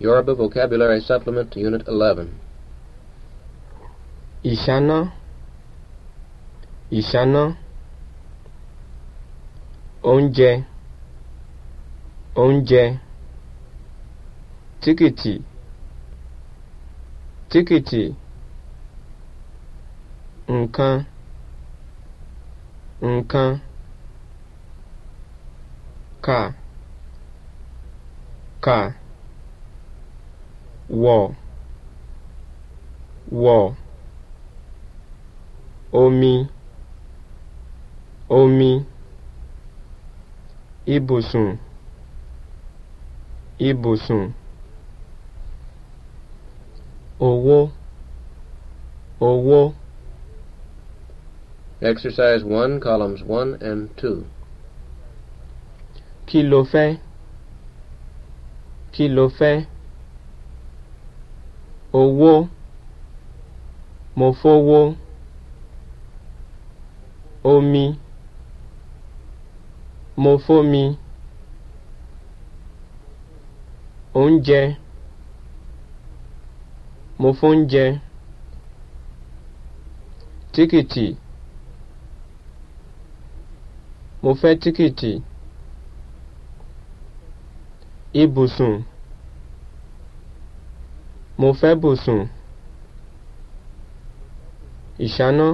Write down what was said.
Yoruba Vocabulary Supplement, Unit 11. Ishana, Ishana, Onje, Onje, tíkìtì tíkìtì nǹkan nǹkan kà kà wọ̀ wọ̀ omi omi ibùsùn ibùsùn owó owó. Exercise 1, columns 1 and 2. Kí lo fẹ́? Kí lo fẹ́? owó mo fowó omi mo fomi oúnjẹ mo fóúnjẹ tíkìtì mo fẹ́ tíkìtì ibùsùn. mo fẹ́ bùsùn ìṣáná